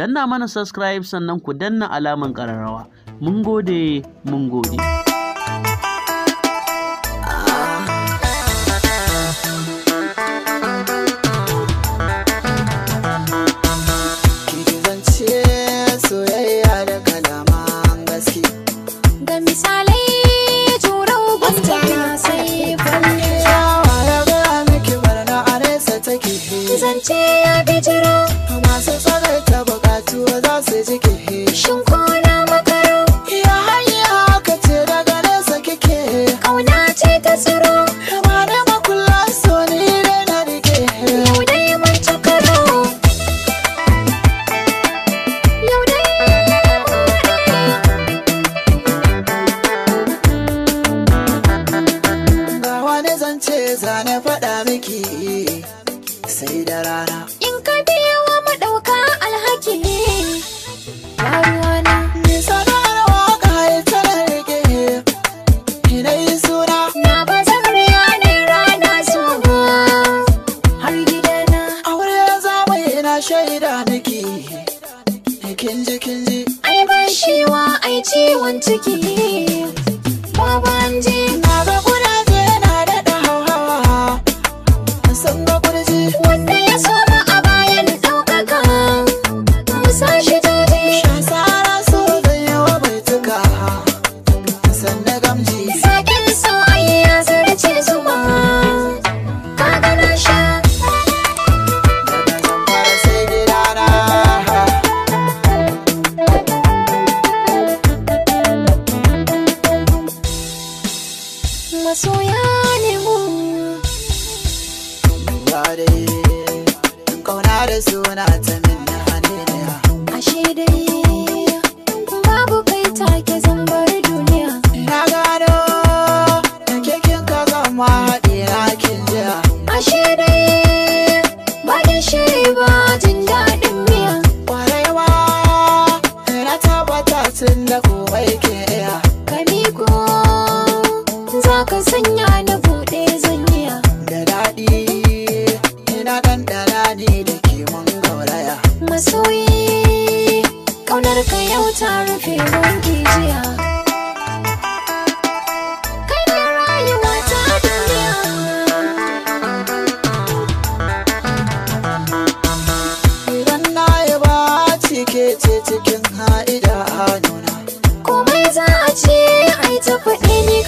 danna mana subscribe sannan ku danna alaman ƙararrawa mun gode mun gode soyayya da kalaman gaske misalai sai miki zance ya bijiro masu tsada na faɗa miki sai da rana in ka biya wa maɗauka alhaki ruwana nisa ya tara rike yi suna na ba zan riya ne rana su ba har gidana aure zamani na shaida miki kinji kinji ai ban shiwa ai ciwon ciki babban ji na masoya ne mu kauna da suna ta min na hannu ashe dai ka sanya na buɗe zanya da daɗi ina ɗanɗana ne da ke mun gauraya masoyi ƙaunar ka yau ta rufe mun jiya cikin ha'ida a nuna komai za a ce ai ta faɗi ni